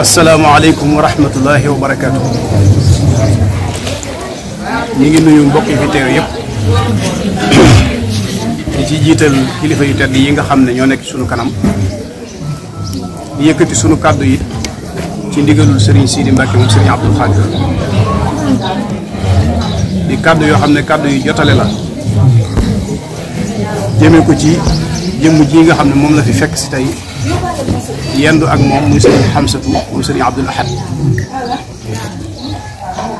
asalaamaaleykum wa rahmatullahi wa barakaatu. ñu ngi nuyu mbokk fi teew yëpp di ci jiital kilifa yu tedd yi nga xam ne ñoo nekk sunu kanam di yëkkati sunu kàddu yi ci ndigalul Serigne Sidi Mbacke moom Serigne Abdoul Khadir di kàddu yoo xam ne kàddu yi jotale la jëmee ko ci jëmm ji nga xam ne moom la fi fekk si tey. yendu ak moom muy sëriñ Xamsatu muy sëriñ Abdul Ahad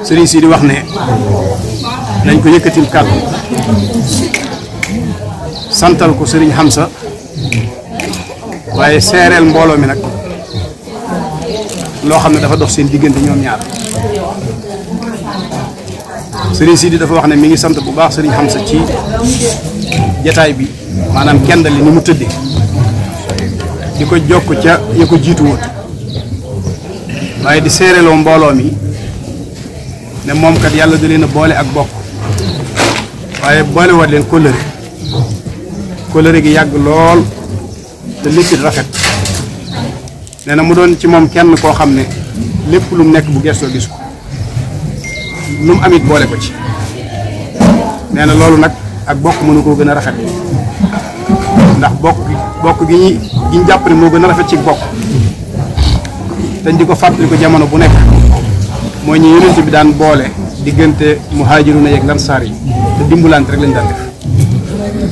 sëriñ si di wax ne nañ ko yëkkatil kàddu santal ko sëriñ Xamsa waaye seereel mbooloo mi nag loo xam ne dafa dox seen diggante ñoom ñaar sëriñ Sidi dafa wax ne mi ngi sant bu baax sëriñ Xamsa ci jataay bi maanaam kenn yi ni mu tëddee. di ko jokk ca ñu ko jiitu woon waaye di séeréloo mbooloo mi ne moomkat yàlla da leen a boole ak bokk waaye boole waat leen kóllëre kóllëre gi yàgg lool te léppit rafet nee na mu doon ci moom kenn koo xam ne lépp lu mu nekk bu gestoo gis ko lu mu amit boole ko ci nee na loolu nag ak bokk mënu koo gën a rafet ndax bokk bokk gi ñi gi jàpp ne moo gën a rafet ci bokk te di ko fàttali jamono bu nekk mooy ñu yonent bi daan boole diggante mu muhaajiruna yeeg saar yi te dimbalante rek lañ daan def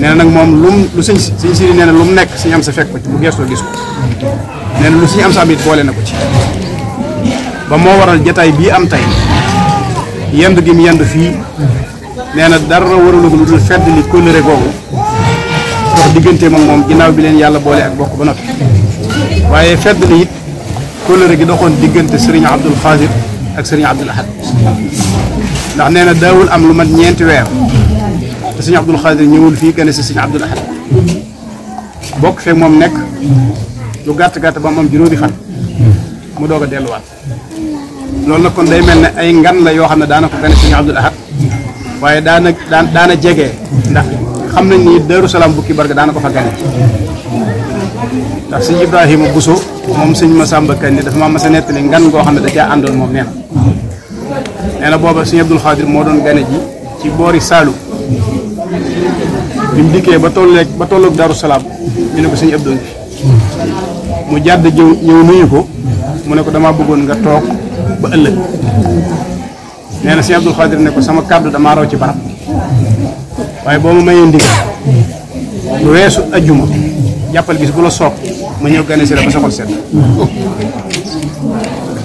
nee nag moom lu lu sëñ sëñ siri lu mu nekk si am sa fekk ko ci bu geestoo gis ko nee na lu suñu am sa am it boole na ko ci ba moo waral jataay bii am tey yend gi mu yendu fii nee na dara warul lu dul fedd li kóllëre googu dox digganteem ak moom ginnaaw bi leen yàlla boole ak bokk ba noppi waaye fedd na it kóllëre gi doxoon diggante sëriñ Abdul Xaadir ak sëriñ Abdul Ahad ndax nee na daawul am lu mat ñeenti weer te sëriñ Abdul Xaadir ñëwul fii gane si sëriñ Abdul Ahad bokk fee moom nekk lu gàtt gàtt ba mu am juróomi fan mu doog a delluwaat loolu na kon day mel ne ay ngan la yoo xam ne daana ko gane sëriñ Abdul Ahad waaye daana daana jege ndax xam nañ ni Daaru Salaam bukki barke daana ko fa gane ndax sëñ Ibrahima Bousso moom sëñ Massamba Kanni dafa maa mas a nettali ngan goo xam ne da caa àndoon moom nee na nee na booba moo doon gane ji ci boori Saalum bi mu dikkee ba tolleeg ba tolloog Daaru Salaam ñu ne ko sëñ mu jàdd jëw ñëw nuyu ko mu ne ko damaa bëggoon nga toog ba ëllëg nee na sëñ Abdul Xaadir ne ko sama kàddu damaa raw ci barab waaye boo ma mayee ndigal bu weesu ajjuma jàppal gis bu la soob ma ñëw gane si la ba sa set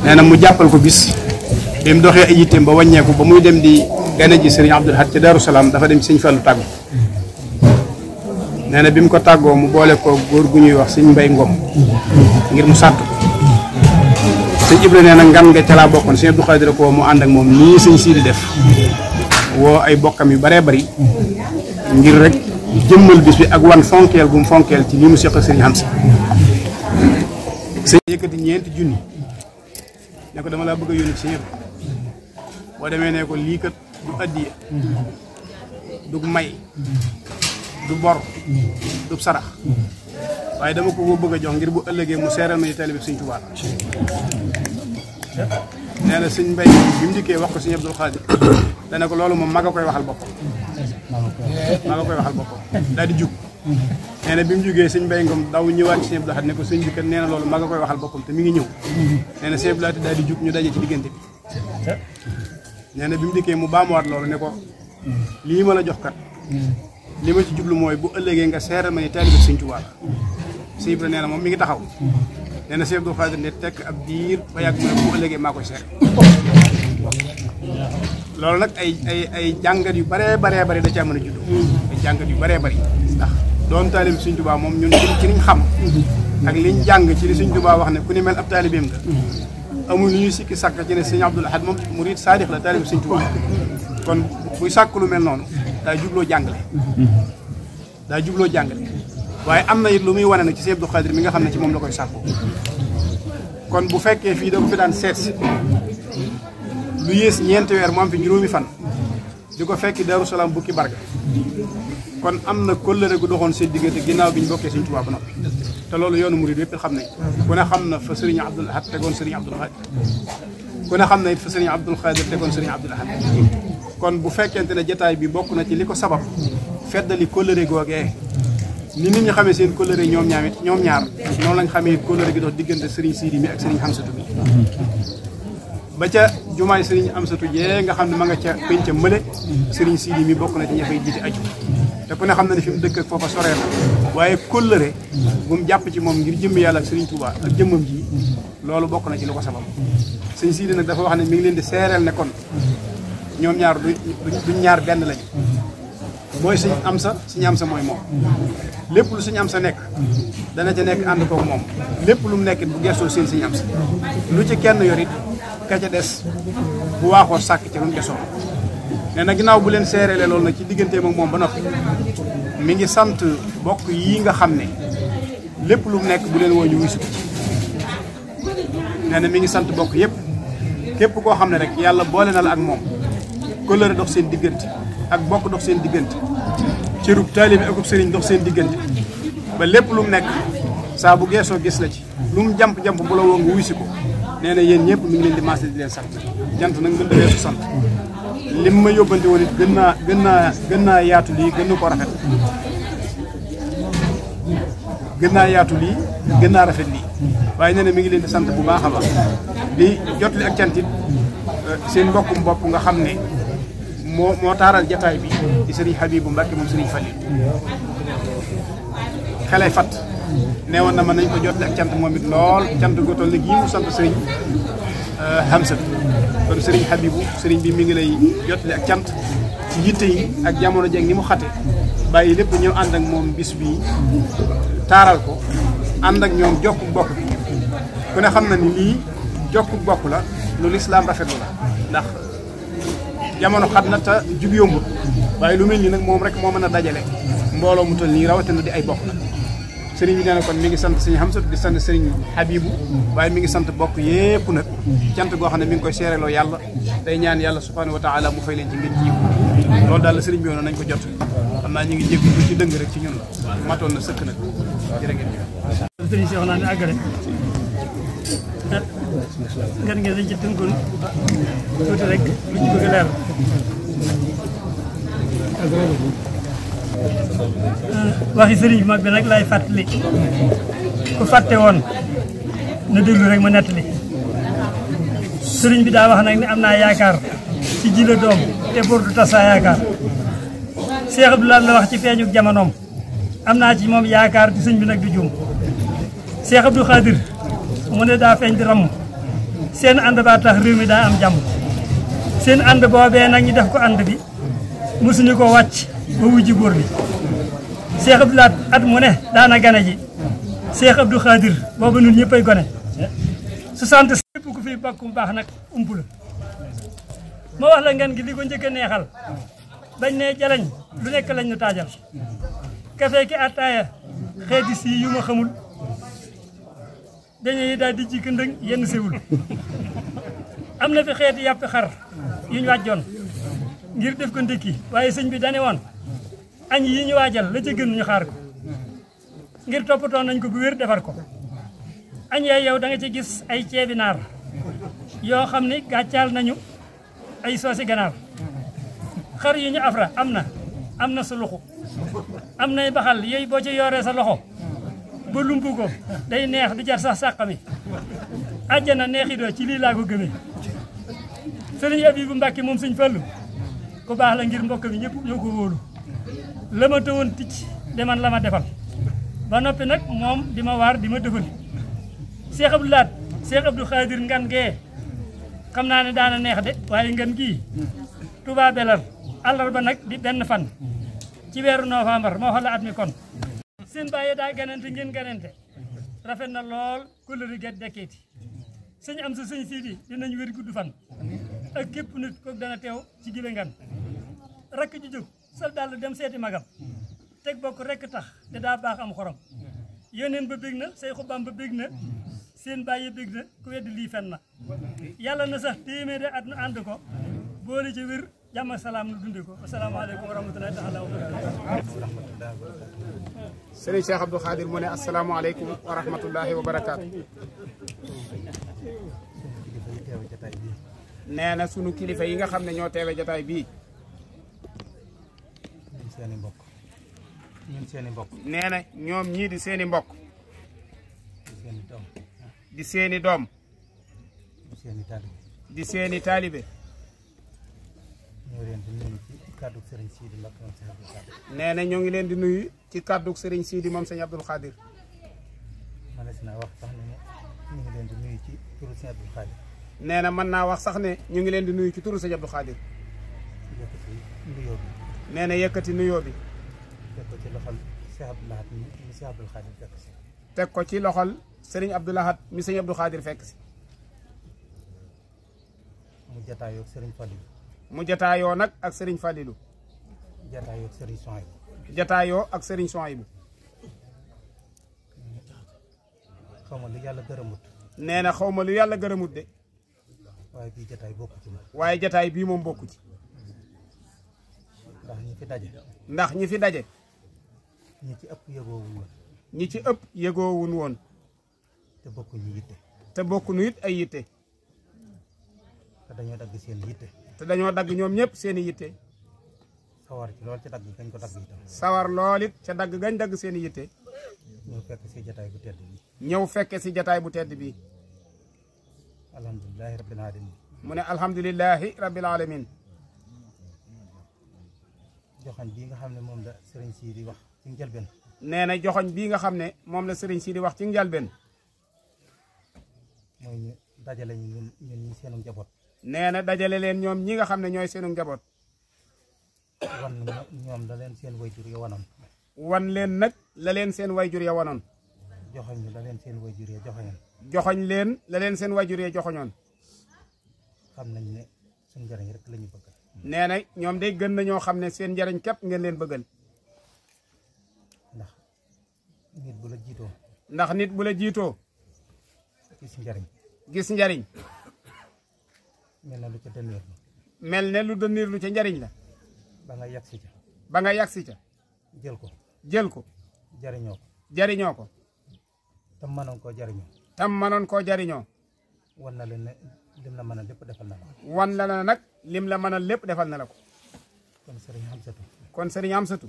nee na mu jàppal ko gis bi mu doxee ay yitteem ba wàññeeku ba muy dem di gane ji sëriñ Abdul Ahad ca Daaru Salaam dafa dem sëñ Fallu tàggu nee na bi mu ko tàggoo mu boole ko góor gu ñuy wax si Mbay Ngom ngir mu sàtt sëñ Ibra nee na ngan nga ca laa bokkoon seen Abdou Xaadir ko mu ànd ak moom nii sëñ sii di def woo ay bokkam yu bare bari ngir rek jëmmal bis bi ak wan fonkeel bu mu fonkeel ci li mu seq sëriñ Hamza sëñ yëkkati ñeenti junni ne dama laa bëgg a yónni ci boo demee ne ko lii kat du addiya du may du bor du sarax waaye dama ko bëgg a jox ngir bu ëllëgee mu seeral ma ñu taalibe bi sëñ Tuubaa nee na sëñ mbay bi mu dikkee wax ko sëñ Abdul Xaadir dana ko loolu moom mag a koy waxal boppam maa nga koy waxal boppam daal di jug nee na bi mu jugee sëñ Mbaye Ngom daw ñëwaat ci sëñ Abdou Lahad ne ko sëñ bi kat nee na loolu maa nga koy waxal boppam te mi ngi ñëw nee na sëñ Abdou Lahad daal di jug ñu bi nee na bi mu dikkee mu baamuwaat loolu ne ko lii ma la jox kat li ma ci jublu mooy bu ëllëgee nga seer ma ni taalibe sëñ Tuubaa la sëñ Ibra nee na moom mi ngi taxaw nee na sëñ Abdou Khadre ne tekk ab diir ba yàgg mu ne maa koy seer loolu nag ay ay ay jàngat yu bëree baree bëri da caa mën a juddoo ay jàngat yu bëree bëri ndax doon taalib Sëriñ Tuubaa moom ñun ci niñ xam ak liñ jàng ci li Sëriñ Tuubaa wax ne ku ni mel ab taalibeem nga amul lu ñuy sikki sàkk ci ne Sëriñ Abdul Ahad moom murid saadix la taalib Sëriñ Tuubaa kon buy sàkk lu mel noonu daa jubloo jàngale daa jubloo jàngale waaye am na yit lu muy wane nag ci Sëriñ Abdul Xaadir mi nga xam ne ci moom la koy sàkku kon bu fekkee fii lu yées ñeenti weer mu am fi juróomi fan di ko fekki Daaru Salaam bukki barga kon am na kóllëre gu doxoon seen diggante ginnaaw bi ñu bokkee Sëriñ Tuubaa ba noppi te loolu yoonu murid yëpp xam nañ ku ne xam na fa Sëriñ Abdul Ahad tegoon Sëriñ Abdul Ahad ku ne xam na it fa Sëriñ Abdul Xaadir tegoon Sëriñ Abdul Ahad kon bu fekkente ne jataay bi bokk na ci li ko sabab feddali kóllëre googee ni nit ñi xamee seen kóllëre ñoom ñaar ñoom ñaar noonu lañ xamee kóllëre gi dox diggante Serigne Sidi mi ak Serigne Hamsatou ba ca jumaay sëriñ Amsatu jee nga xam ne ma nga ca pénc mële sëriñ Sidi mi bokk na ci ña fay jiite aju te ku ne xam na ne fi mu dëkk ak foofa soree waaye kóllëre bu mu jàpp ci moom ngir jëmm yàlla ak sëriñ Touba ak jëmmam ji loolu bokk na ci lu ko sabab sëñ Sidi nag dafa wax ne mi ngi leen di seereel ne kon ñoom ñaar du ñaar benn lañu mooy sëñ Amsa sëñ Amsa mooy moom lépp lu sëñ Amsa nekk dana ca nekk ànd koog moom lépp lu mu nekk bu gestoo seen sëñ Amsa lu ci kenn yorit ka ca des bu waaxoo sàkk ca lu mu desoon nee na ginnaaw bu leen seere lelool nag ci digganteem ak moom ba noppi mi ngi sant bokk yi nga xam ne lépp lu mu nekk bu leen woo ñu wusu nee na mi ngi sant bokk yëpp képp koo xam ne rek yàlla boole na ak moom kóllëre dox seen diggant ak bokk dox seen diggante cërub taalibe akub sëriñ dox seen diggante ba lépp lu mu nekk saa bu geesoo gis la ci lu mu jàmp-jàmp bu la woo nga wuy nee na yéen ñëpp mi ngi leen di maase di leen sant jant nag mën sant lim ma yóbbante woon gën naa gën naa yaatu lii gën na ko rafet gën naa yaatu lii gën naa rafet lii waaye nee na mi ngi leen di sant bu baax a baax di jotli ak cantit eh, seen mbokkum bopp nga xam ne moo moo taaral jataay bi di sëriñ Habibou Mbacke moom sëriñ Fallil xelay fat neewoon na ma nañ ko jot ak cant moom it lool cant gu toll nag yi mu sant sëriñ euh, Hamsat kon sëriñ Habibu sëriñ bi mi ngi lay jotale ak cant ci yitte yi ak jamono jeg ni mu xate bàyyi lépp ñëw ànd moom bis bi taaral ko ànd ñoom jokk bokk bi xam na ni lii la lu lislaam rafetlu la ndax jamono xat na te jub yombul waaye lu mel nii nag moom rek moo mën a dajale mbooloo mu toll nii rawatina di ay bokk la sëriñ bi nee kon mi ngi sant sëriñ Hamsatu di sant sëriñ Habibu waaye mi ngi sant bokk yépp nag jant goo xam ne mi ngi koy seereloo yàlla day ñaan yàlla subhaanahu wa taala mu fay leen ci ngeen jiw loolu daal la sëriñ bi woon nañ ko jot xam naa ñu ngi jéggi lu ci dëng rek ci ñun la matoon na sëkk nag jërë ngeen jëf sëriñ Cheikh naa ne àggale ngan ngeen dañ ci tënkoon tuuti rek lu ci bëgg waxi sëriñ bi mag bi nag lay fàttali ku fàtte woon na déglu rek ma nettali sëriñ bi daa wax nag ni am naa yaakaar ci jila doom te bor du tas yaakaar Cheikh Abdoulaye la wax ci feeñu jamonoom am naa ci moom yaakaar di sëñ bi nag di juum Cheikh Abdou Khadir mu ne daa feeñ di ramm seen ànd baa tax réew mi daa am jàmm seen ànd boobee nag ñu def ko ànd bi mosuñu ko wàcc ba wujji góor bi Cheikh Abdou Lahat at mu daan daana gane ji Cheikh Abdou Khadir booba nun ñëppay sant 60 yëpp ku fi bàkkum baax nag ump la ma wax la gi li ko njëkk neexal bañ ne jalañ lu nekk lañ nu taajal kafe ki attaaya xeeti si yu ma xamul dañu yi daal di ji këndëng yenn sewul am na fi xeeti yàpp xar yuñ wàjjoon ngir def ko ndékki waaye sëñ bi dane woon añ yi ñu waajal la ca gën ñu xaar ko ngir toppatoo nañ ko bu wér defar ko añ yaay yow da ci gis ay ceebi naar yoo xam ne gàccaal nañu ay soosi ganaar xar yu ñu afra am na am na suluxu am nay baxal yooyu boo ci yoree sa loxo ba lumpu ko day neex du jar sax sàqami àjjana neexidoo ci lii laa ko gëmee sëriñ Abibu Mbàkke moom suñ fàllu ku baax la ngir mbokk mi ñëpp ñoo ko wóolu la ma tëwoon ticc deman man la ma defal ba noppi nag moom di ma waar di ma dëfal Cheikh Abdou Lahat Cheikh Abdou Khadir ngan gee xam naa ne daana neex de waaye ngan gii Touba Belal ba nag di benn fan ci weeru novembre moo xool at mi kon seen bàyyi daa ganante ngeen ganante rafet na lool kulëri get dekkeeti sëñ am sa sëñ siidi dinañ wér gudd fan ak képp nit ko dana teew ci gile ngan rakk ji jóg sol daal dem seeti magam teg bokk rekk tax te daa baax am xorom yónneen ba bég na Seexu ba bég na seen bàyyi bég na ku weddi lii fen na yàlla na sax téeméeri at nu ànd ko boole ci wér jàmm salaam nu dundi ko asalaamaaleykum wa rahmatulahi wa barakaatu sëriñ Cheikh Abdou Khadir mu ne asalaamaaleykum wa rahmatulahi wa barakaatu nee na sunu kilifa yi nga xam ne ñoo teewe jataay bii seeni mbokk. ñun seeni mbokk. nee na ñoom ñii di seeni mbokk. di doom. di seeni doom. di seeni di seeni taalibe. ñoo leen di nuyu ci kàddu na ñoo ngi leen di nuyu ci kàddu Serigne Sidi moom Serigne Abdou Khadir. manees naa wax sax ne ñu ngi leen di nuyu ci turu Serigne Abdou Khadir. nee na mën naa wax sax ne ñu ngi leen di nuyu ci turu Serigne Abdou nee na yëkkati nuyoo bi. teg ko ci loxol Cheikh Abdou Lahad mi fekk si. ko ci loxol Serigne Abdou Lahad mi Serigne Abdou Khadir fekk si. mu jataayoo ak Serigne Fallilou. mu jataayoo nag ak Serigne Fallilou. jataayoo ak Serigne Souhaïbou. jataayoo ak Serigne Souhaïbou. xaw ma lu yàlla gërëmut. nee na xaw ma lu yàlla gërëmut de. waaye bii jataay bokku ci waaye jataay bii moom bokku ndax ñi fi daje. ndax ñi fi daje. ñi ci ëpp yëgoowun woon. ñi ci ëpp yëgoowun woon. te bokkuñu yitte. te bokkuñu it ay yitte. te dañoo dagg seen yitte. te dañoo dagg ñoom ñëpp seen i yitte. sawar ci lool ci dagg gañ ko dagg itam. sawar lool it ca dagg gañ dagg seen i yitte. ñëw fekk si jataay bu tedd bi. ñëw fekke si jataay bu tedd bi. alhamdulilahi rabbil alamin. mu ne alhamdulilahi rabbil joxoñ bii nga xam ne moom la sëriñ sii di wax ci nee na joxoñ bii nga xam ne moom la sëriñ sii di wax ci njëlbeen. mooy ñu dajale ñun ñun ñi seenu njaboot. nee na dajale leen ñoom ñi nga xam ne ñooy seenu njaboot. wan ñoom la leen seen wayjur ya wanoon. wan leen nag la leen seen wayjur ya wanoon. joxoñ la leen seen wayjur ya joxoñoon. joxoñ leen la leen seen wayjur ya joxoñoon. xam nañ ne suñu njëriñ rek la ñu nee na ñoom day gën na ñoo xam ne seen njariñ kepp ngeen leen bëggal. ndax nit bu la jiitoo. ndax nit bu la jiitoo. gis njariñ. gis njariñ. mel na lu ca dënniir lu. mel ne lu dënniir lu ca njariñ la. ba nga yàgg si ca. ba nga yàgg si ca. jël ko. jël ko. jariñoo ko. jariñoo ko. tam mënoon koo jariñoo. tam mënoon koo jariñoo. wan na leen la mën a lépp defal la nag. lim la a lépp defal na la ko. kon sëriñ Amsatu. kon sëriñ Amsatu.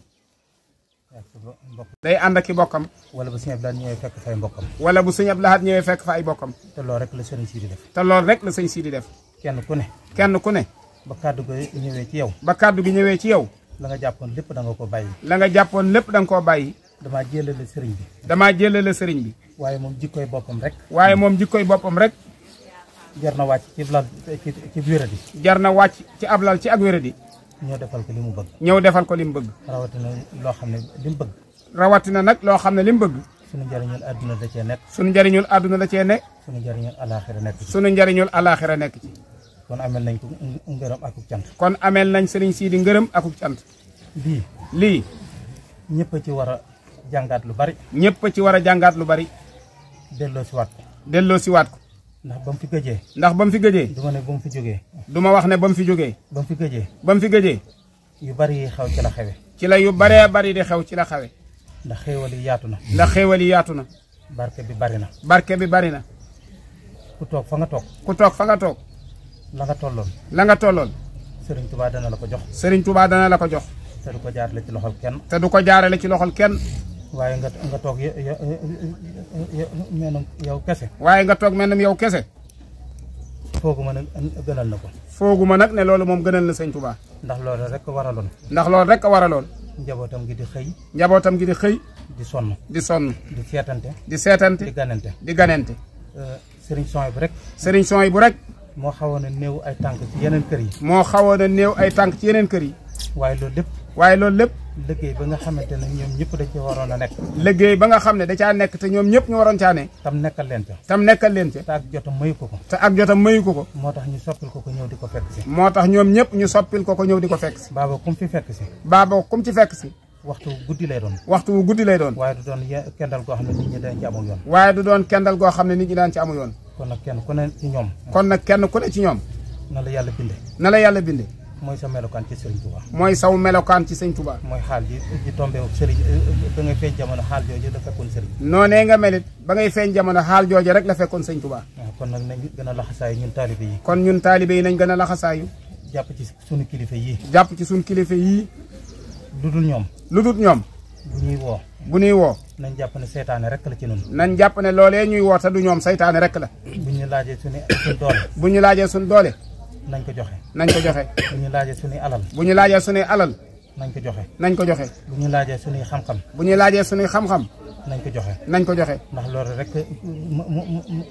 day ànd ak i bokkam. wala bu sëñ Abdoulaye ñëwee fekk fa ay bokkam. wala bu sëñ Abdoulaye ñëwee fekk fa ay bokkam. te loolu rek la sëriñ si di def. te loolu rek la sëñ si di def. kenn ku ne. kenn ku ne. ba kàddu gi ñëwee ci yow. ba kàddu gi ñëwee ci yow. la nga jàppoon lépp da nga koo bàyyi. la nga jàppoon lépp danga nga koo bàyyi. damaa jëlale sëriñ bi. damaa jëlale sëriñ bi. waaye moom jikkooy boppam rek. waaye moom jikkooy boppam rek. jar na wàcc ci lal ci wéradi jar na wàcc ci ab lal ci ak wéradi ñëw defal ko li mu bëgg ñëw defal ko li mu bëgg rawatina loo xam ne li mu bëgg rawatina nag loo xam ne li mu bëgg suñu njëriñul àdduna da cee nekk suñu njëriñul àdduna da cee nekk suñu njëriñul alaaxira nekk ci suñu njëriñul alaaxira nekk ci kon ameel nañ ko ngërëm akuk cant kon ameel nañ sëriñ Sidi ngërëm akuk cant lii lii ñëpp a ci war a jàngaat lu bari ñëpp a ci war a jàngaat lu bari delloo si waat ko delloo si waat ko ndax ba mu fi gëjee. ndax ba fi gëjee. du ma ne ba mu fi jógee. du ma wax ne ba mu fi jógee. ba fi gëjee. ba fi gëjee. yu bari yi xew ci la xewe ci la yu baree bari di xew ci la xewe ndax xéewal yi yaatu na. ndax xéewal yi yaatu na. bar bi bari na. barke bi bari na. ku toog fa nga toog. ku toog fa nga toog. la nga tolloon. la nga tolloon. sëriñ Touba dana la ko jox. Serigne Touba dana la ko jox. te du ko jaarale ci loxol kenn. te du ko jaarale ci loxol kenn. waaye nga nga toog ya ya yow kese. waaye nga toog meenam yow kese. fooguma nag gënal na ko. fooguma nag ne loolu moom gënal na sëñ Touba. ndax loolu rek waraloon. ndax loolu rek waraloon. njabootam gi di xëy. njabootam gi di xëy. di sonn. di sonn. di seetante. di seetante. di ganante di ganante. son bu rek. sëriñ son bu rek. moo xawoon a néew ay tànk ci yeneen kër yi. moo xawoon a néew ay tànk ci yeneen kër yi. waaye loolu lépp. waaye loolu lépp. liggéey ba nga xamante ne ñoom ñëpp da ci waroon a nekk liggéey ba nga xam ne da caa nekk te ñoom ñëpp ñu waroon caa ne tam nekkal leen ca tam nekkal leen ca te ak jotam mayu ko ko te ak jotam mayu ko ko moo tax ñu soppil ko ko ñëw di ko fekk si moo tax ñoom ñëpp ñu soppil ko ko ñëw di ko fekk si baaba kum fi fekk si baaba kum ci fekk si waxtu wu guddi lay doon waxtu wu guddi lay doon waaye du doon kendal goo xam ne nit ñi daan ci amul yoon waaye du doon kendal goo xam ne nit ñi daan ci amul yoon kon nag kenn ku ne ci ñoom kon nag kenn ku ne ci ñoom na la yàlla binde na la yàlla binde mooy sa melokaan ci Serigne Touba. mooy saw melokaan ci xaal ji ji tombé ba la fekkoon Serigne. noonee nga feeñ jamono xaal jooju rek la fekkoon Serigne Touba. Ah, kon nag nañ gën a laxasaayu ñun taalibe yi. kon ñun taalibe nañ gën a laxasaayu. jàpp ci sunu kilifa yii. jàpp ci sunu kilifa yii. lu dul ñoom. lu dul ñoom. bu ñuy woo. bu ñuy woo. nañ jàpp ne seytaane rek la ci noonu. nañ jàpp ne loolee ñuy woote du ñoom seytaane rek la. bu ñu laajee suñu doole. bu ñu laajee suñu doole. nañ ko joxe. nañ ko joxe. bu ñu laajee suñuy alal. bu ñu laajee suñuy alal. nañ ko joxe. nañ ko joxe. bu ñu laajee suñuy xam-xam. bu ñu laajee suñuy xam-xam. nañ ko joxe nañ ko joxe. ndax loolu rek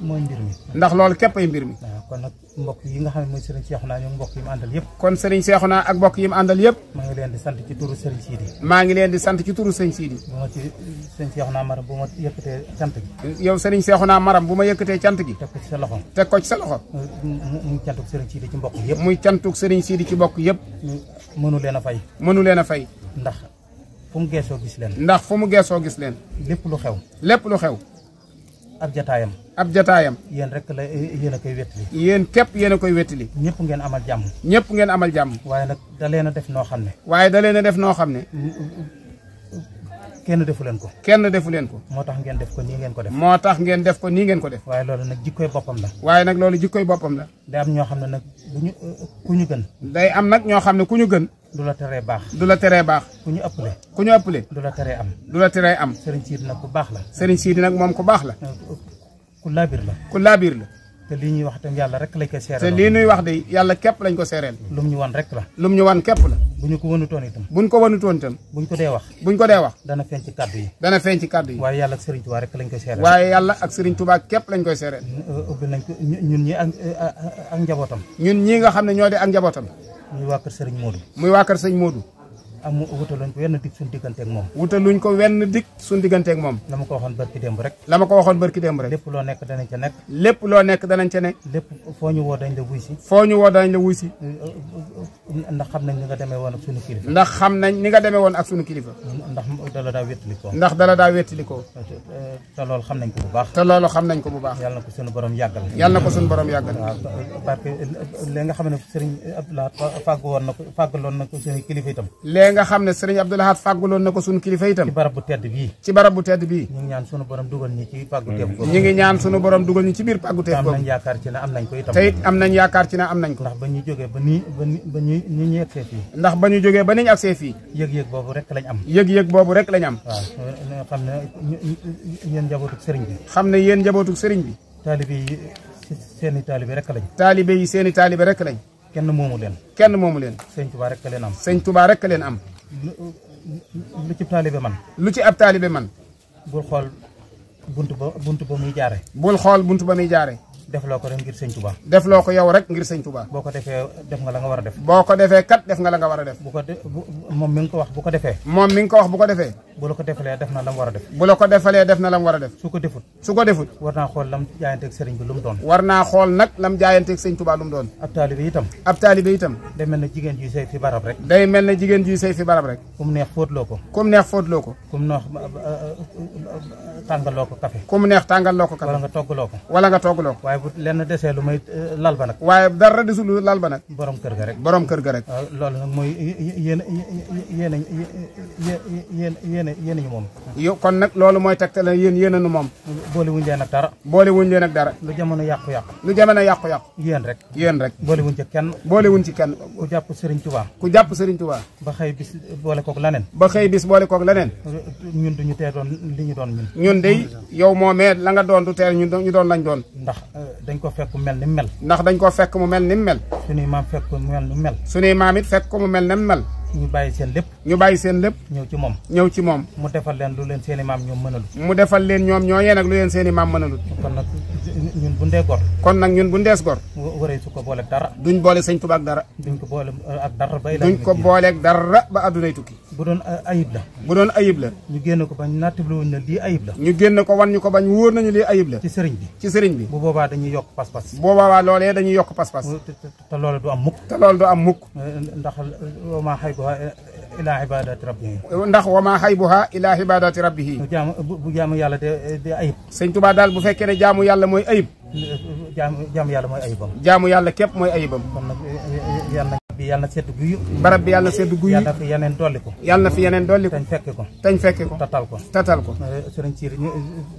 mooy mbir mi. ndax loolu képp ay mbir mi. Ah, kon nag mbokk yi nga xam ne mooy Serigne Cheikhouna ñoom mbokk yi mu àndal yëpp. kon Serigne Cheikhouna ak mbokk yi mu àndal yëpp. maa ngi leen di sant ci turu Serigne Sidi. maa ngi leen di sant ci turu Serigne Sidi. bu ma ci Serigne Cheikhouna maram bu ma yëkkatee cant gi. yow Serigne Cheikhouna maram bu ma yëkkatee cant gi. teg ko ci sa loxo. teg ko ci sa loxo. muy cantuk Serigne Sidi ci mbokk yëpp. muy cantuk Serigne Sidi ci mbokk yëpp. mënu leen a fay. mënu leen a fay. ndax fu mu geesoo gis leen. ndax fu mu geesoo gis leen. lépp lu xew. lépp lu xew. ab jataayam. ab jataayam. yéen rek la yéen a koy wétali. yéen képp yéen a koy wettili ñëpp ngeen amal jàmm. ñëpp ngeen amal jàmm. waaye nag da leen a def noo xam ne. waaye da leen a def noo xam ne. Mm, mm, kenn defu leen ko. kenn defu leen ko. moo tax ngeen def ko nii ngeen ko def. moo tax ngeen def ko ngeen ko def. waaye loolu nag jikkoy boppam la. waaye nag loolu jikkoy boppam la. day am ñoo xam ne nag bu ñu ku ñu gën. day am nag ñoo xam ne ku ñu gën. du la tere baax. du la teree baax. ku ñu ëppale. ku ñu ëppale. du la tere am. du la tere am. Serigne Sidi nag ku baax la. Serigne Sidi nag moom ku baax la. Euh, ku laabir la. ku laabir la. te lii ñuy wax itam yàlla rek lañ koy seereel. te lii wax de yàlla képp lañ ko seereel. lum ñu wan rek la. lum ñu wan képp la. bu ñu ko wanutoon itam. bu ñu ko wanutoon itam. bu ñu ko dee wax. bu ñu ko dee wax. dana feeñ ci kaddu yi. dana feeñ ci kaddu yi. waaye yàlla ak Serigne Touba rek lañ koy seereel. waaye yàlla ak Serigne Touba lañ koy seereel. Euh, nañ ko ñun ñi ak njabootam. ñun ñii nga xam ne ñoo de ak njabootam. muy waa kër Serigne Modou. muy waa kër Serigne Modou. amu wutaluñ ko wenn dig suñ digganteeg moom wutaluñ ko wenn dig suñ digganteeg moom la ma ko waxoon barki démb rek la ma ko waxoon barki démb rek lépp loo nekk danañ ca nekk lépp loo nekk danañ ca nekk lépp foo ñu woo dañ la wuy si foo ñu woo dañ la wuy ndax xam nañ ni nga demee woon ak suñu kilifa ndax xam nañ ni nga demee woon ak ndax dala daa wettalikoo ndax dala daa wettalikoo te loolu xam nañ ko bu baax te loolu xam nañ ko bu baax yàlla na ko suñu borom yàggal yàlla ko suñu borom yàggal parce que li nga xam ne sëriñ Abdoulaye fàgg woon na ko fàggaloon na ko suñu kilifa itam nga xam ne sëriñ Abdou Lahad fàgguloon na ko suñu kilifa itam. ci barab bu tedd bii. ci barab bu tedd bii. ñu ngi ñaan sunu borom dugal ñi ci pàgguteef googu. ñu ngi ñaan sunu borom dugal ñi ci biir pàgguteef googu. te am nañ yaakaar ci ne am nañ ko itam. te it am nañ yaakaar ci ne am nañ ko. ndax ba ñu jógee ba nii ba nii ba nii nii ñu agsee fii. ndax ba ñu jógee ba ni ñu agsee fii. yëg-yëg boobu rek lañ am. yëg-yëg boobu rek lañ am. waaw xam ne yéen njabootug sëriñ bi. xam ne yéen njabootug sëriñ bi. taalibe yi seeni taalibe rek lañ. taalibe yi seeni taalibe rek lañ kenn moomu leen. kenn moomu leen. sëñ Touba rek ka leen am. sëñ Touba rek leen am. lu ci taalibe man. lu ci ab taalibe man. bul xool buntu ba buntu ba muy jaare bul xool bunt ba muy jaare defloo ko rek ngir sëñ Touba. defloo ko yow rek ngir sëñ Touba. boo ko defee def nga la nga war a def. boo ko defee kat def nga la nga war a def. bu ko de moom mi ngi ko wax bu ko defee. moom mi ngi ko wax bu ko defee. bu la ko defalee def na la mu war a def. bu la ko defalee def na la mu war a def. su ko defut su ko defut. war naa xool lam jaayanteeg sëriñ bi lu mu doon. war naa xool nag lam jaayanteeg sëñ Touba lu mu doon. ab taalibe itam. ab taalibe itam. day mel na jigéen ji sëy fi barab rek. day mel na jigéen ji sëy fi barab rek. kum neex fóotloo ko. kum neex fóotloo ko. kum neex tàngaloo ko kafe. kum neex tàngaloo ko kafe. wala nga toggaloo ko. wala nga toggaloo ko. bu lenn desee lu may eh, lal ba nag waaye dara desul lu lal ba nag borom kër ga rek borom kër ah, loolu nag mooy yéen yéen yéen ñu moom yow kon nag loolu mooy tegtale yéen yéen nu moom boole wuñu leen ak dara boole wuñu leen ak dara lu jamono yàqu-yàqu lu jamono yàqu-yàqu yéen rek yéen rek boole wuñ ci kenn boole wuñ ci kenn ku jàpp Sëriñ Tuubaa ku jàpp Sëriñ Tuubaa ba xëy bis boole koog leneen ba xëy bis boole koog leneen ñun duñu tee doon li ñu doon ñun ñun day yow moomee la nga doon du tee ñu doon dañ ko fekk mu mel ni mel. ndax dañ ko fekk mu mel ni mel. suñuy maam fekk mu mel ni mel. suñuy maam it fekk mu mel ni mu mel. ñu bàyyi seen lépp ñu bàyyi seen lépp ñëw ci moom ñëw ci moom mu defal leen lu leen seen i maam ñoom mënalut mu defal leen ñoom ñoo yéen lu leen seen maam mënalut kon nag ñun bu gor kon nag ñun bu ndees gor waree su ko booleeg dara duñ boole sëñ Tuubaa dara duñ ko boole euh, dara ba duñ ko tukki bu doon euh, ayib la bu doon ayib la ñu génn ko bañ naatiblu wuñ na lii ayib la ñu génn ko wan ñu ko bañ wóor nañu lii ayib la ci sëriñ bi ci wa ilaa ibadati rabbihi ndax wa maa xaybuha ilaa ibadati rabbihi bu jaamu bu jaamu yàlla te ayib sëñ tubaa daal bu fekkee ne jaamu yàlla mooy ayib jaamu yàlla mooy ayibam jaamu yàlla képp mooy ayibam kon nag bi yàlla sedd guyu barab bi yàlla sedd guyu yàlla fi yeneen dolli ko yàlla fi yeneen dolli ko tañ fekk ko tañ fekk ko tatal ko tatal ko eh, sëriñ Sidi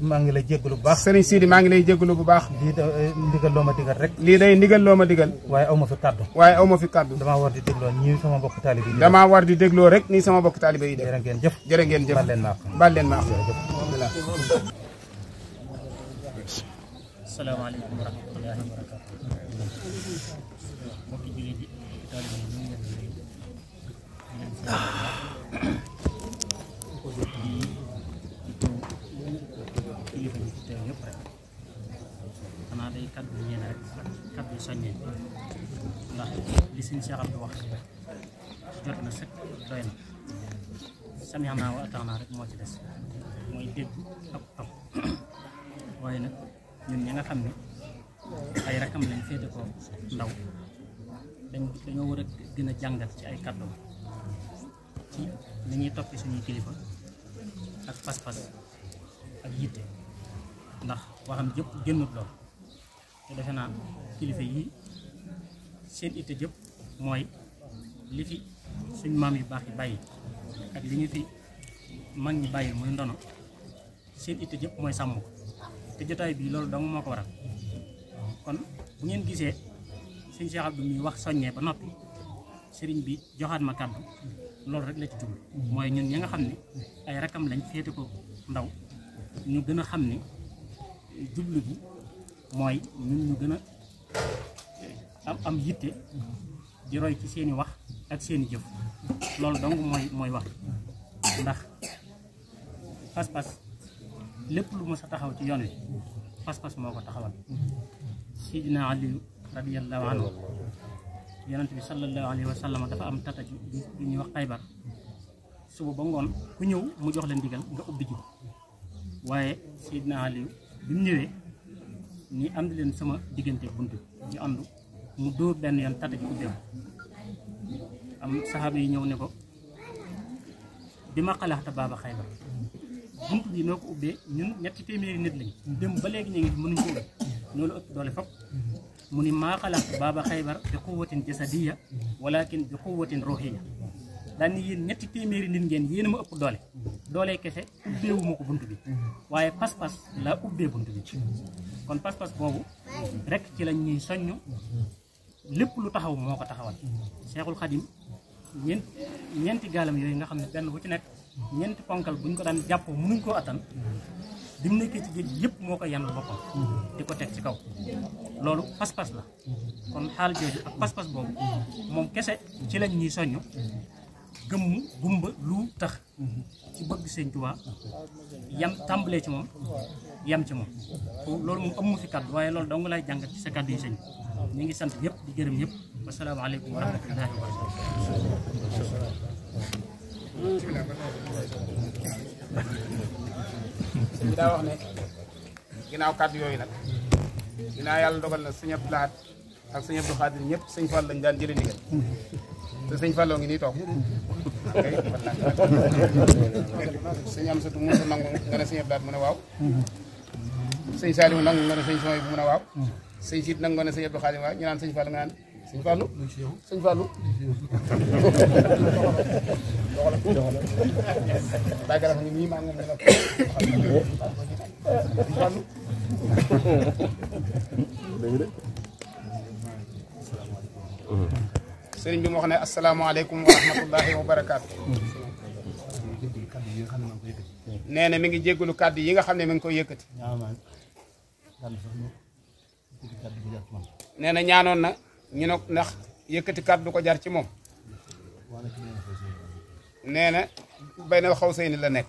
maa ngi lay jéggalu bu baax sëriñ Sidi maa ngi lay jéggalu bu baax lii da eh, ndigal loo ma digal rek lii day ndigal loo ma digal waaye aw ma fi kàddu waaye aw ma fi kàddu damaa war di dégloo ñi sama bokk taalibe yi damaa war di dégloo rek nii sama bokk taalibe yi def jërë jëf jërë jëf xanaa day kaddu ñeene rek ak wax jot na sëkk doy na sami naa wa rek moo ci des mooy dégg ak topp waaye nag ñun ñi nga xam ne ay rakam lañ féete ko ndaw dañ dañoo war a gën a jàngat ci ay kaddu ci ni ñuy toppee suñuy kilifa ak pas-pas ak yitte ndax waxam jëpp génnut lool defe naa kilifa yii seen itte jëpp mooy li fi suñ maam yu baax yi bàyyi ak li ñu fi mag ñi bàyyi muy ndono seen itte jëpp mooy sàmm ko te jotaay bi loolu dong moo ko waral kon bu ngeen gisee suñ Cheikh Abdou muy wax soññee ba noppi sëriñ bi joxaat ma kàddu loolu rek la ci jublu mooy ñun ñi nga xam ne ay rakam lañ féete ko ndaw ñu gën a xam ni jublu bi mooy ñun ñu gën a am am yitte di ci seeni wax ak seeni jëf loolu dong mooy mooy wax ndax pas-pas lépp lu mës a taxaw ci yoon wi pas-pas moo ko taxawal sidina Aliyu la anhu yonent bi sallallahu alayhi wa sallam dafa am tata ju ñuy wax xaybar suba ba ngoon ku ñëw mu jox leen digal nga ubbi ji waaye Seydina Aliou bi mu ñëwee ni ànd leen sama diggante bunt ñu àndu mu dóor benn yoon tata ji ubbeeku am saxaaba yi ñëw ne ko bi ma xalaata baaba xaybar bunt bi noo ko ubbee ñun ñetti téeméeri nit lañ dem ba léegi ñu ngi mënuñ ko ubbi loolu ëpp doole fop mu ni maa xalaat baaba xaybar bi quwatin jasadiya walakin bi quwatin ruhiya daan yéen ñetti téeméeri nit ngeen yéen a ma ëpp doole doole kese ubbeewuma ko bunt bi waaye pas-pas laa ubbee bunt bi kon pas-pas boobu rek ci lañ ñuy soññ lépp lu taxaw moo ko taxawal Seexul Xadim ñeent ñeenti gaalam yooyu nga xam ne benn bu ci nekk ñeenti ponkal ñu ko daan jàppoo mënuñ koo attan bi mu nekkee ci géej yëpp moo ko yanul boppam di ko teg ci kaw loolu pas-pas la kon xaal jooju ak pas-pas boobu moom kese ci lañ ñuy soññ gëmm gumba lu tax ci bëgg sëñ Tuubaa yam tàmbalee ci moom yam ci moom loolu moom amu fi kàddu waaye loolu dong laay jàngat ci sa kàddu yi sëñ ñu ngi sant ñëpp di gërëm ñëpp wasalaamaaleykum wa rahmatullahi wa barakatu sëñ bi daa wax ne ginnaaw yooyu nag ginnaaw yàlla dogal na sëñ Abdou Lahad ak sëñ Abdou Khadir ñëpp sëñ Fall lañ daan jëlee ndigal te sëñ Falloo ngi nii toog kay sëñ am satu mën sa nangu nga ne sëñ Abdou Lahad waaw sëñ Saliou nangu nga ne waaw sëñ Siit nangu nga ne waaw ñu naan sëñ Fall nga naan sëñ Fallou sëñ Fallou bagara ngi nii maa ngi mel sëriñ bi mu wax ne asalaamaaleykum wa rahmatullahi wa barakaatu nee na mi ngi jéggalu kàddu yi nga xam ne mi ngi koy yëkkati nee na ñaanoon na ñu ne ndax yëkkati kàddu ko jar ci moom nee na bay na xaw sëy ni la nekk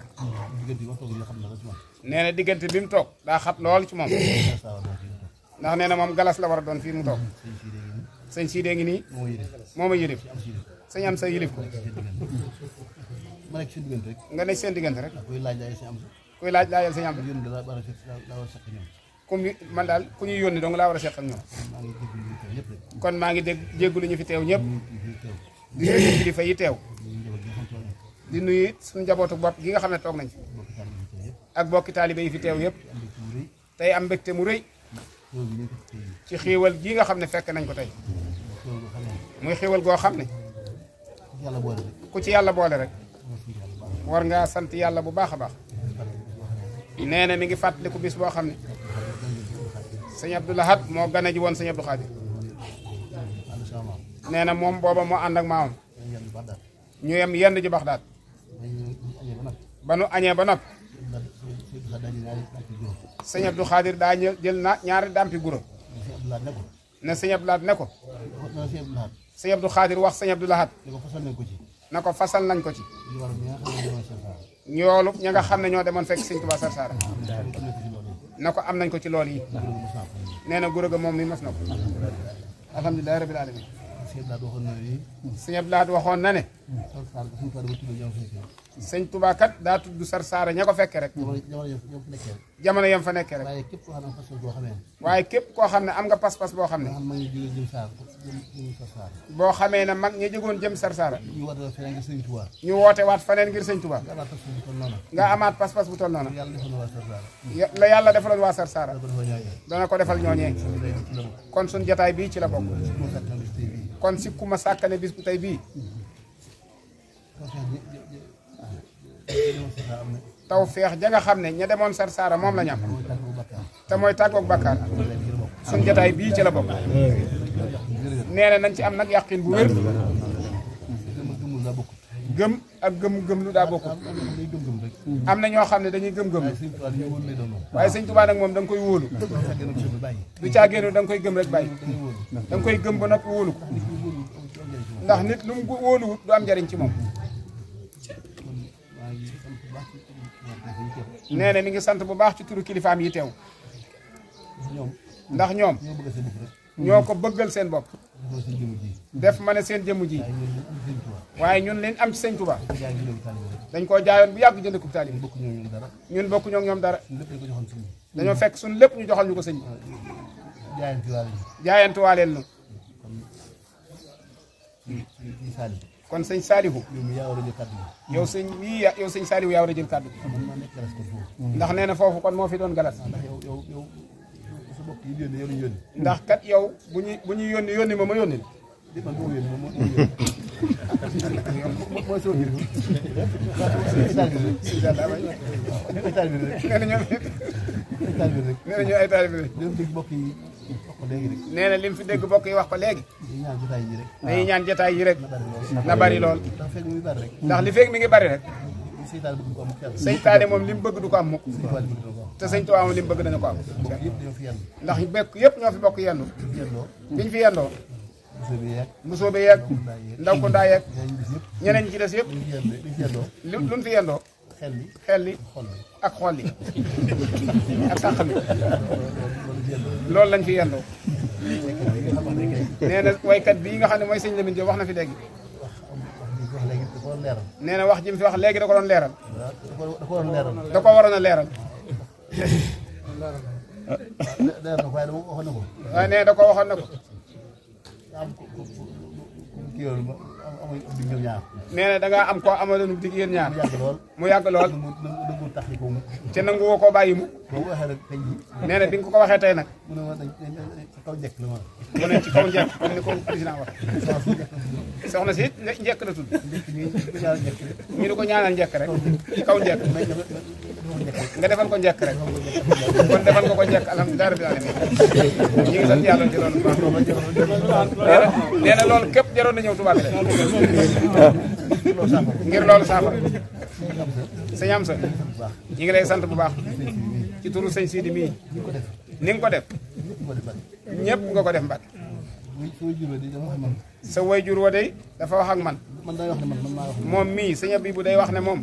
nee na diggante bi mu toog daa xat lool ci moom ndax nee na moom galas la war a doon fii mu toog sëñ siidee ngi nii moo a yëlif sëñ am sa yëlif ko nga nekk seen diggante rek nga nekk seen diggante rek kuy laaj laajal sëñ am am ku ñu man daal ku ñuy yónni dong la war a seq ñoom kon maa ngi dégg jéggulu ñu fi teew ñëpp di nuyu kilifa yi teew di nuyu suñu njabootu bopp gi nga xam ne toog nañ fi ak bokki taalibe yi fi teew yëpp tey am mbégte mu rëy ci xéewal gi nga xam ne fekk nañ ko tey muy xéewal goo xam ne ku ci yàlla boole rek war ngaa sant yàlla bu baax a baax nee mi ngi fàttaliku bis boo xam ne sëñ Abdou Lahad moo gane ji woon sëñ Abdou Khadir nee na moom booba moo ànd ak maamam ñu yem yenn ji Baxdaad ba nu añee ba noppi sëñ Abdou Khadir daa jël na ñaari dàmpi guro ne sëñ Abdou Lahad ne ko sëñ Abdou Khadir wax sëñ Abdou Lahad na ko fasal nañ ko ci ñoolu ña nga xam ne ñoo demoon fekk sëñ Tuubaa Sarsara na ko am nañ ko ci lool yi nee na gurëga moom mi mas na ko alhamdulilahi rabbil alamin sëñ Abdou waxoon na ne sëñ Abdou waxoon na ne sëñ Touba kat daa tudd Sarsara ña ko fekke rek. jamono yam fa nekkee rek. waaye képp koo xam ne am nga pas-pas boo xam ne. boo xamee ne mag ña jógoon jëm Sarsara. ñu woote waat feneen ngir ngir sëñ Touba. nga amaat pas-pas bu toll noonu. yàlla defaloon waa Sarsara. dana ko defal ñooñee. kon suñ jotaay bii ci la bokk. kon sikkuma sàkkane bis bu tey bii. taw feex ja nga xam ne ña demoon Sarsara moom la ñu am te mooy tàggoog bakkaar suñ jotaay bii ci la bokk nee na nañ ci am nag yàqin bu wér gëm ak gëm-gëm lu daa bokkul am na ñoo xam ne dañuy gëm-gëm waaye sëñ Tuubaa nag moom da koy wóolu du caa génn da nga koy gëm rek bàyyi da nga koy gëm ba noppi wóolu ndax nit lu mu wóoluwut du am jariñ ci moom nee na mi ngi sant bu baax ci turu kilifaam yi tew ndax ñoom. ñoo ko bëggal seen bopp. def mane seen jëmm ji. waaye ñun liñ am ci sëñ Tuba. dañ koo jaayoon bu yàgg jënd ko taalib ñun bokku ñoo ñoom dara. dañoo fekk suñ lépp ñu joxal ñu ko sëñ bi. jaayantuwaaleel nu. kon sëñ Salihu. yow sëñ bii yow sëñ Salihu yaa war a jël kàddu gi. ndax nee na foofu kon moo fi doon galas. ndax kat yow bu ñu bu ñu yónni yónni ma ma yónni la. nee na ñu ay taalibe rek. nee na lim fi dégg bokk yi wax ko léegi. dañuy ñaan jotaay yi rek. na bari lool. ndax li feeg mi ngi bari rek. seytaane moom li mu bëgg du ko am mukk te sëñ Tuubaa moom li mu bëgg dana ko am. ndax bekk yëpp ñoo fi bokk yendu. biñ fi yendoo. musoo bi yeeg. ndaw ko ndaa yeeg. ñeneen ci des lu luñ fi yendoo. xel li xel li ak xol li ak sàq mi. loolu lañ fi yendoo nee na bi bii nga xam ne mooy sëñ Lamine Diop wax na fi léegi. nee na wax ji mu fi wax léegi da ko doon leeral. da ko waroon a leeral. waaye nee na da ko waxoon na ko. nee na da ngaa am koo amaloon dig yéen ñaar. mu yàgg lool. te nangu woo koo bàyyi mu. nee na bi nga ko waxee tey nag. mu ne ci kaw njëkk comme ni ko président wax. soxna si njëkk la tudd. ñu di ko ñaanal njëkk rek. ci kaw njëkk. nga defal ko njekk rek. kon defal nga ko njëkk alhamdulilah rabbil alamin. ñu ngi sant yàlla ci loolu bu lool nee na loolu képp jaroon na ñëw tubaab bi ngir loolu saafara sëñ am sa ñi ngi lay sant bu baax ci turu sëñ Sidi mii ni nga ko def ñëpp nga ko def mbat sa wayjur wa day dafa wax ak man moom mii sëñ Abi day wax ne moom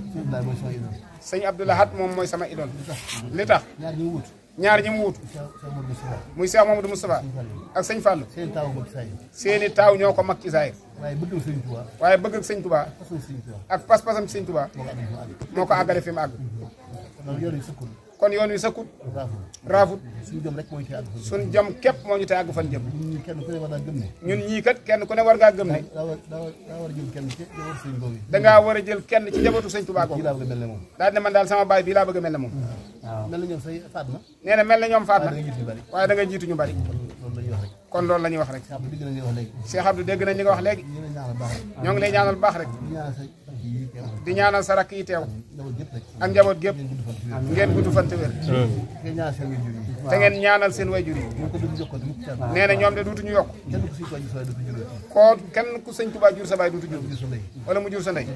sëñ Abdoul Ahad moom mooy sama idol li tax ñaar ñi mu wutu muy Cheikh Mamadou Moustapha ak sëñ Fallou seeni taaw ñoo ko mag ci saayir waaye bëgg ak sëñ Touba ak pas-pasam ci sëñ Touba moo ko àggale fi mu kon yoon wi sa sakkut raafut suñ jom képp moo ñu tey àgg fan jëm ñun ñii kat kenn ku ne war ngaa gëm ne dangaa war a jël kenn ci njabootu sëñ Tuubaa ko daal ne man daal sama baay bii laa bëgg a mel ne moom nee na mel na ñoom faat na waaye da nga jiitu ñu bari kon loolu la ñuy wax rek Cheikh Abdou dégg a li nga wax léegi ñoo ngi lay ñaanal baax rek di ñaanal sa rakk yi teew ak njaboot gépp ngeen gudd fan te wér ñaanal seen wayjur yi ñoom de duutuñu yokk koo kenn ku sëñ Tuubaa jur sa duutu jur wala mu jur sa ndey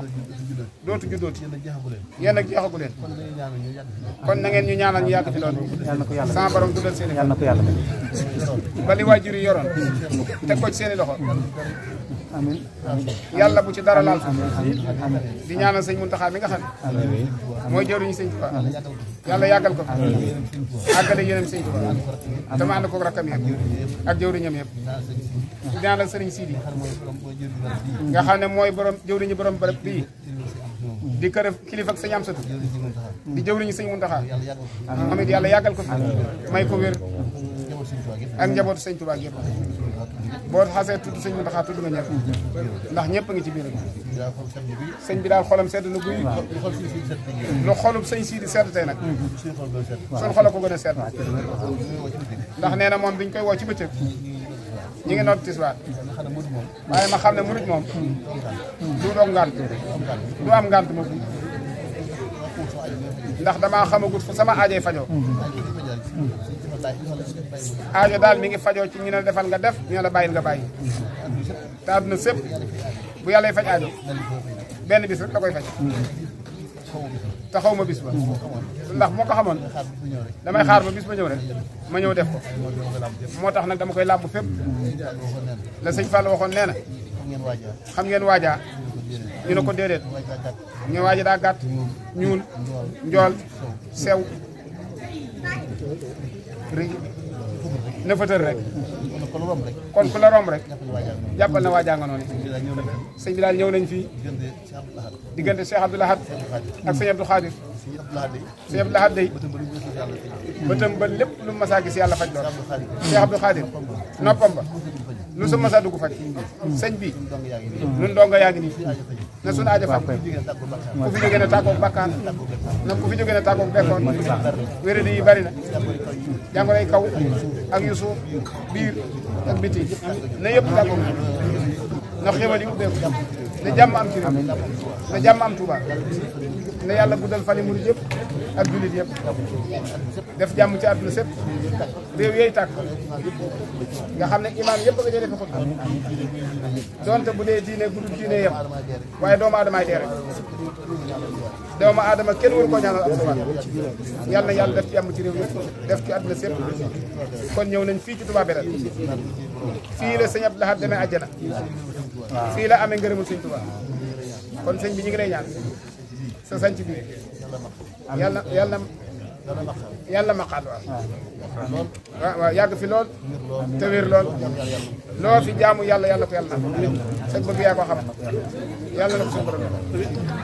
dootu juddooti yéen ak kon na ngeen ñu ñaanal ñu yàgg fi loolu sama seen i yoroon teg ko seen i amiin yàlla bu ci dara laal suuf di ñaanal sëñ Muntaxa mi nga xam ne mooy jëriñu sëñ Tuubaa yàlla yàggal ko fi àggale yéenam sëñ Tuubaa dama ànd ko rakkam yëpp ak jëwriñam yëpp di ñaanal sëriñ Sidi nga xam ne mooy borom jëwriñu borom barab bii di kër kilifa ak sëñ Amsatu di jëwriñu sëñ Muntaxa amit yàlla yàggal ko fi may ko wér ak njabootu sëñ Tuubaa yëpp boo xasee tudd sëñ Muntaxa tudd nga ñëpp ndax ñëpp a ci biir sëñ bi daal xolam sedd na guy lu xolub sëñ Siidi sedd tey nag suñ xola ko gën a sedd ndax nee na moom biñ koy woo ci bëccëg ñi ngi noot tisbaar waaye ma xam ne murit moom du doog ngànt du am ngànt ma ndax damaa xamagut fu sama aajee fajoo aajo daal mi ngi fajoo ci ñu ne defal nga def ñu ne la bàyyil nga bàyyi te àdduna sëpp bu yàlla faj aajo benn bis rek da koy faj ta xaw ma bis ba ndax moo ko xamoon damay xaar ba bis ba ñëw rek ma ñëw def ko moo tax nag dama koy làmb fépp la sëñ Fall waxoon nee na xam ngeen waajaa ñu ne ko déedéet ñu waaja daa gàtt ñuul njool sew rëy na fa tër rek kon ku la romb rek jàppal na waa jànga noonu sëñ bi daal ñëw nañ fii diggante Cheikh Abdoul Ahad ak sëñ Abdou Khadir sëñ Abdoul Ahad day bëtam ba lépp lu masaa gis yàlla faj lool Cheikh Abdou Khadir noppam ba lu sa masa dugg faj sëñ bi nun donga yaa ngi nii na sunu aajo faj ku fi jógee na tàggoog bakkaan na ku fi jógee na tàggoog bekkoon wéradi yi bari na jàngoro yi kaw ak yu suuf biir ak biti na yëpp tàggoog na xéwal yi na jàmm am ci réew na jàmm am Tuuba na yàlla guddal fani murid yëpp ak jullit yëpp def jàmm ci àdduna sëpp réew yooyu tàkk nga xam ne imaam yëpp nga jëlee fa xutba donte bu dee diine bu diine yëpp waaye doomu aadama ay dee rek doomu adama kenn waru koo ñaanal am sabar yàlla na yàlla def ci am ci réew yëpp def ci àdduna sépp kon ñëw nañ fii ci Touba Belel fii la sëñ Abdou Lahad demee àjjana fii la amee ngërëmul sëñ Touba kon sëñ bi ñu ngi lay ñaan sa sanc bi yàlla yàlla yàlla maqaat waaw moom yàgg fi lool te wér lool loo fi jaamu yàlla yàlla ko yàlla na sëñ bëgg yaa ko xam yàlla na ko suñu borom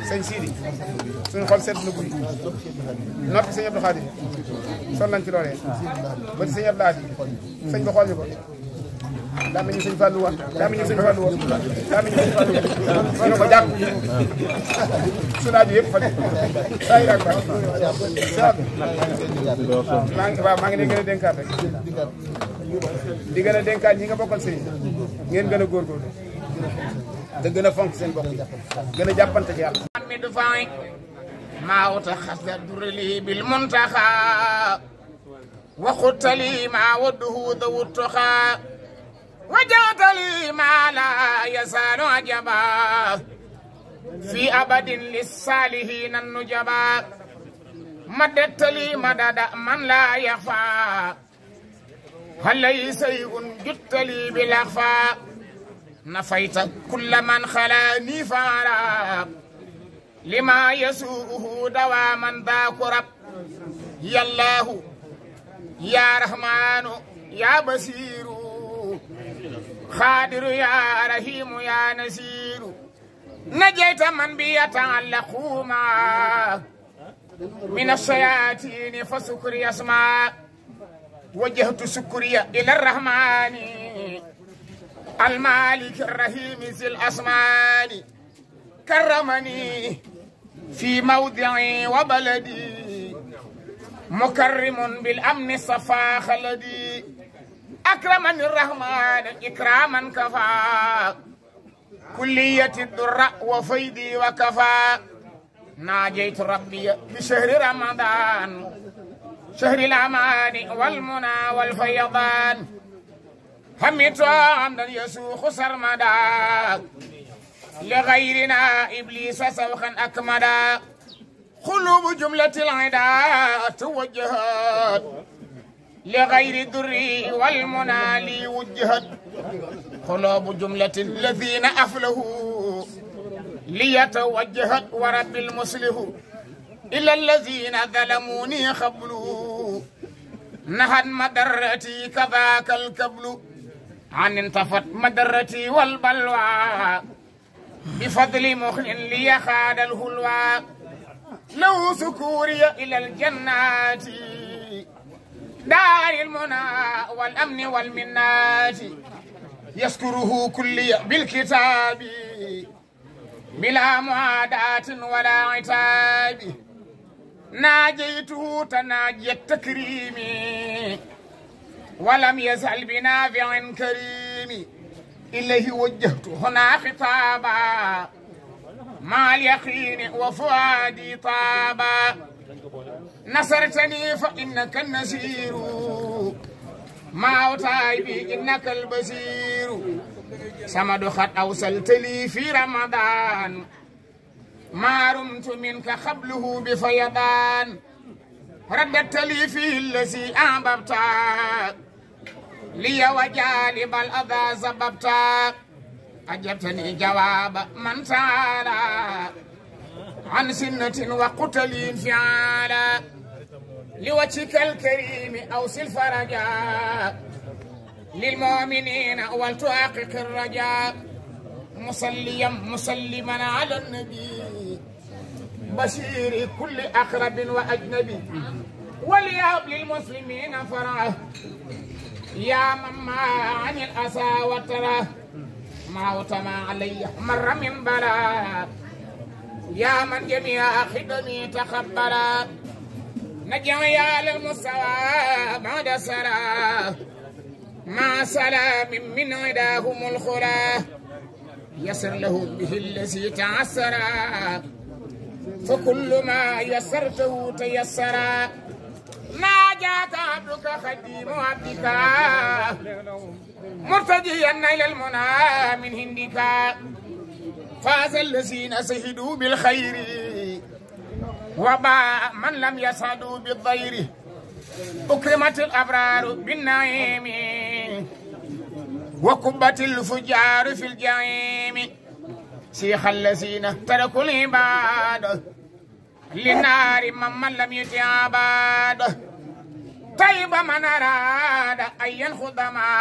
sëñ Sidi suñu xol seet na guy noppi sëñ son nañ ci loolee ba ci sëñ Abdou Khadim sëñ bi ko daa mel ni sëñ Fallou wax daa mel ni sëñ Fallou wax daa mel ni sëñ Fallou wax ñu ko jàpp yëpp fa saa ak baax saa maa ngi waaw maa ngi leen gën a dénkaat rek di gën a dénkaat ñi nga bokkal sëñ ngeen gën a góorgóorlu te gën a fonk seen bokk gën a jàppante ci yàlla man mi du fay maa wota xasda durali bil muntaxa waxutali maa wadduhu dawuttoxa وجعت لي ما لا يزال عجبا في أبد للصالحين النجبا مددت لي مدد من لا يخفى هل لي شيء جدت لي بالأخفى نفيت كل من خلاني فارا لما يسوءه دواما ذاك رب يا الله يا رحمن يا بصير خادر يا رحيم يا نسير نجيت من بيتعلق معك من الشياطين فسكر يسمع وجهت سكري إلى الرحمن المالك الرحيم ذي الأسمان كرمني في موضعي وبلدي مكرم بالأمن صفا خلدي أكرمني الرحمن إكراما كفى كلية الدراء وفيدي وكفى ناجيت ربي بشهر رمضان شهر الأمان والمنى والفيضان حميت حمدا يسوخ سرمدا لغيرنا إبليس سوخا أكمدا قلوب جملة العدا توجهت لغير دري والمنى لي وجهت قلوب جملة الذين أفلهوا ليتوجهت ورب المصلح إلى الذين ظلموني قبلوا نهت مدرتي كذاك الكبل عن انطفت مدرتي والبلوى بفضل مخن لي خاد الهلوى لو سكوري إلى الجنات دار المنى والأمن والمنات يذكره كل بالكتاب بلا معاداة ولا عتاب ناجيته تناجي التكريم ولم يزل بنافع كريم إليه وجهت هنا خطابا مع اليقين وفؤادي طابا نصرتني فإنك النصير ما وتاي بي إنك البصير سمد خد أوصلت لي في رمضان ما رمت منك قبله بفيضان رددت لي فيه الذي أحببت لي وجانب الأذى زببت أجبتني جواب من تعالى عن سنة وقتل انفعالا لوجهك الكريم أوصل فرجا للمؤمنين أول تحقق الرجاء مصليا مسلما على النبي بشير كل أقرب وأجنبي وليهب للمسلمين فرعه يا مما عن الأسى وتراه ما وتما علي مر من بلاء يا من جميع خدمي تخبرا نجم يا للمستوى بعد سرى مع سلام من عداهم الخلا يسر له به الذي تعسرا فكل ما يسرته تيسرا ما جاءت عبدك خديم عبدك مرتجيا الى المنى من هندك فاز الذين سهدوا بالخير وباء من لم يسعدوا بالضير أكرمت الأبرار بالنعيم وكبت الفجار في الجحيم سيخ الذين تركوا العباد للنار من, من لم يتعبد طيب من أراد أن ينخذ ما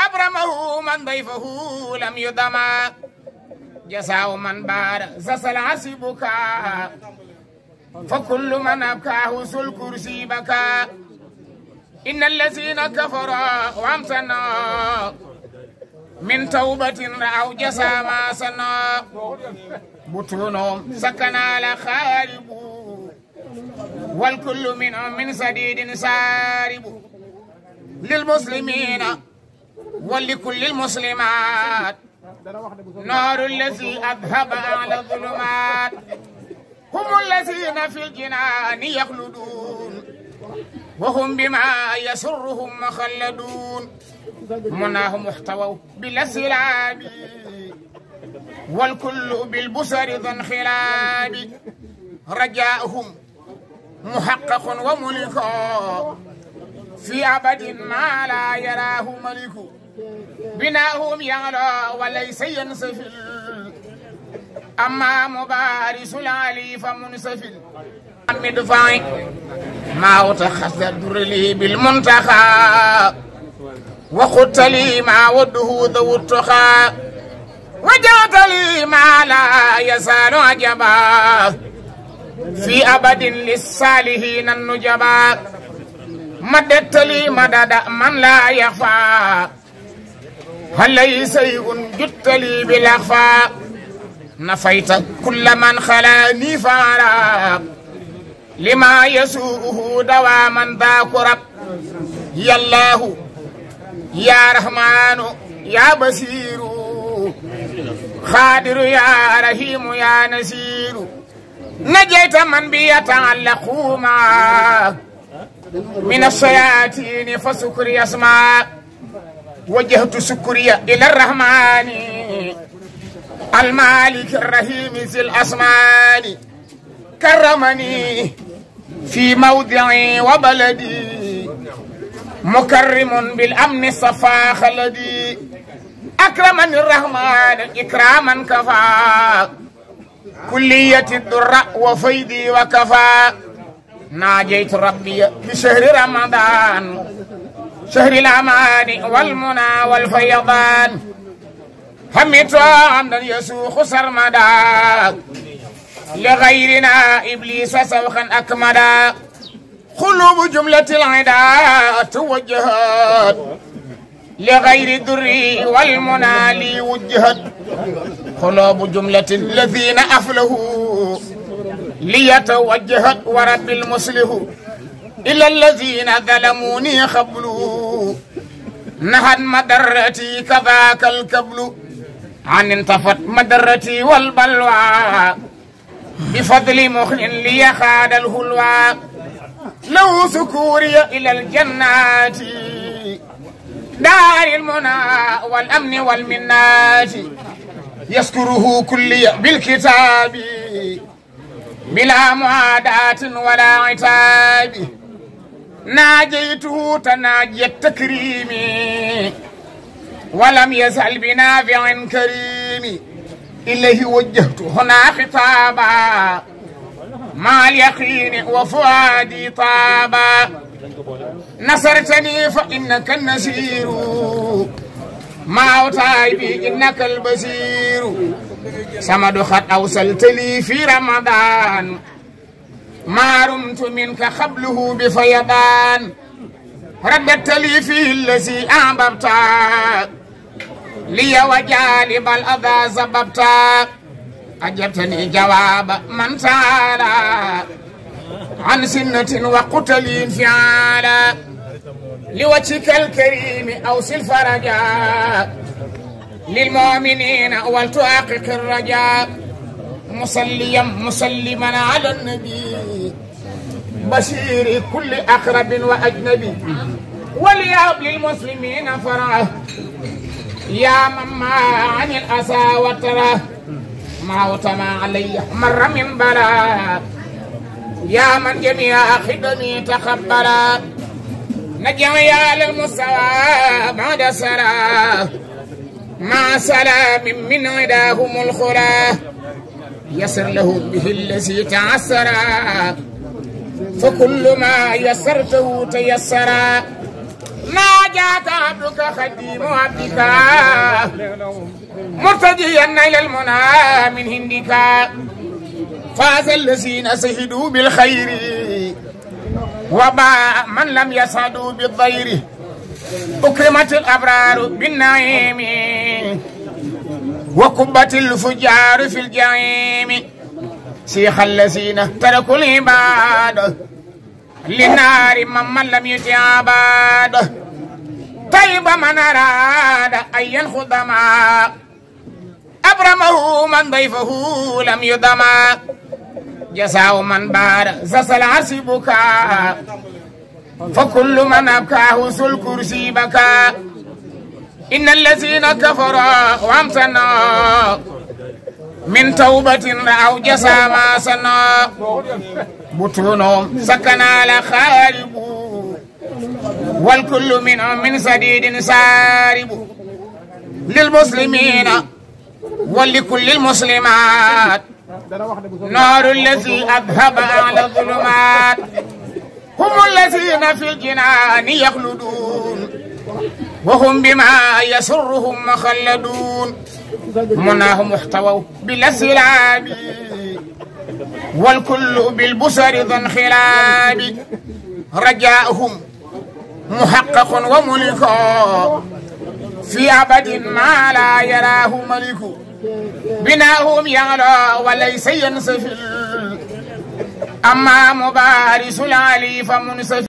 أبرمه من ضيفه لم يدما جزاء من بار زسل عصيبك فكل من أبكاه سل كرسي بكى إن الذين كفروا وامتنوا من توبة رأوا جسا ما سنا بطونهم سكن على خارب والكل منهم من سديد سارب للمسلمين ولكل المسلمات نور الذي أذهب على الظلمات هم الذين في الجنان يخلدون وهم بما يسرهم مخلدون مناه محتوى بالاسلام والكل بالبصر ذا انخلاب رجاؤهم محقق وملك في أبد ما لا يراه ملك بناهم يغلى وليس ينسفل أما مبارس العلي فمنسفل محمد فاي ما أتخذ لي بالمنتخى وقلت لي ما وده ذو التخى وجعت لي ما لا يزال عجبا في أبد للصالحين النجبا مددت لي مدد من لا يخفى هل شيء جدت لي بالأخفاء نفيت كل من خلاني فارا لما يسوءه دواما ذاك رب يا الله يا رحمن يا بصير خادر يا رحيم يا نسير نجيت من بيتعلق معك من الشياطين فسكر يسمعك وجهت شكري إلى الرحمن المالك الرحيم ذي الأسمان كرمني في موضعي وبلدي مكرم بالأمن صفا خلدي أكرمني الرحمن إكراما كفى كلية الدراء وفيدي وكفى ناجيت ربي بشهر رمضان شهر الأمان والمنى والفيضان حمد حمدا يسوخ سرمدا لغيرنا إبليس سوخا أكمدا قلوب جملة العدا توجهت لغير دري والمنى لي وجهت قلوب جملة الذين أفلهوا ليتوجهت ورب المسله إلى الذين ظلموني خبلوا نحت مدرتي كذاك الكبل عن انطفت مدرتي والبلوى بفضل مخن لي خاد الهلوى لو سكوري إلى الجنات دار المنى والأمن والمنات يذكره كل بالكتاب بلا معاداة ولا عتاب ناجيته تناجي التكريم ولم يزل بنافع كريم إليه وجهت هنا خطابا مع اليقين وفؤادي طابا نصرتني فإنك النصير ما وتعبي إنك البصير سمد خط أوصلت لي في رمضان ما رمت منك قبله بفيضان رددت لي فيه الذي أحببتا لي وجالب الأذى زببتا أجبتني جواب من تعالى عن سنة وقتل انفعالا لوجهك الكريم أوصل فرجا للمؤمنين أول تحقق الرجاء مصليا مسلما على النبي بشير كل أقرب وأجنبي وليهب للمسلمين فرعه يا مما عن الأسى وترى موت ما علي مر من بلاء يا من جميع خدمي تقبلا نجوي على المستوى بعد سرى مع سلام من عداهم الخلا يسر لهم به الذي تعسرا فكل ما يسرته تيسرا ناجاك عبدك خديم عبدك مرتجيا إلى المنى من هندك فاز الذين سهدوا بالخير وما من لم يسعدوا بالضير أكرمت الأبرار بالنعيم وكبت الفجار في الجحيم شيخ الذين تركوا العباد لنار من لم يطع عباد طيب من أراد أن ينخذ ما أبرمه من ضيفه لم يدما جزاء من بار زسل عرش بكاء فكل من أبكاه سل كرسي بكاء إن الذين كفروا وامتنوا من توبة أو جسى ما صنع بطون سكن على خالب والكل منهم من سديد سارب للمسلمين ولكل المسلمات نار الذي أذهب أعلى الظلمات هم الذين في الجنان يخلدون وهم بما يسرهم مخلدون مناه محتوى بالأسلاب والكل بالبصر ذو انخلاب رجاؤهم محقق وملك في أبد ما لا يراه ملك بناهم يعلى وليس ينسفل أما مبارس العلي فمنسفل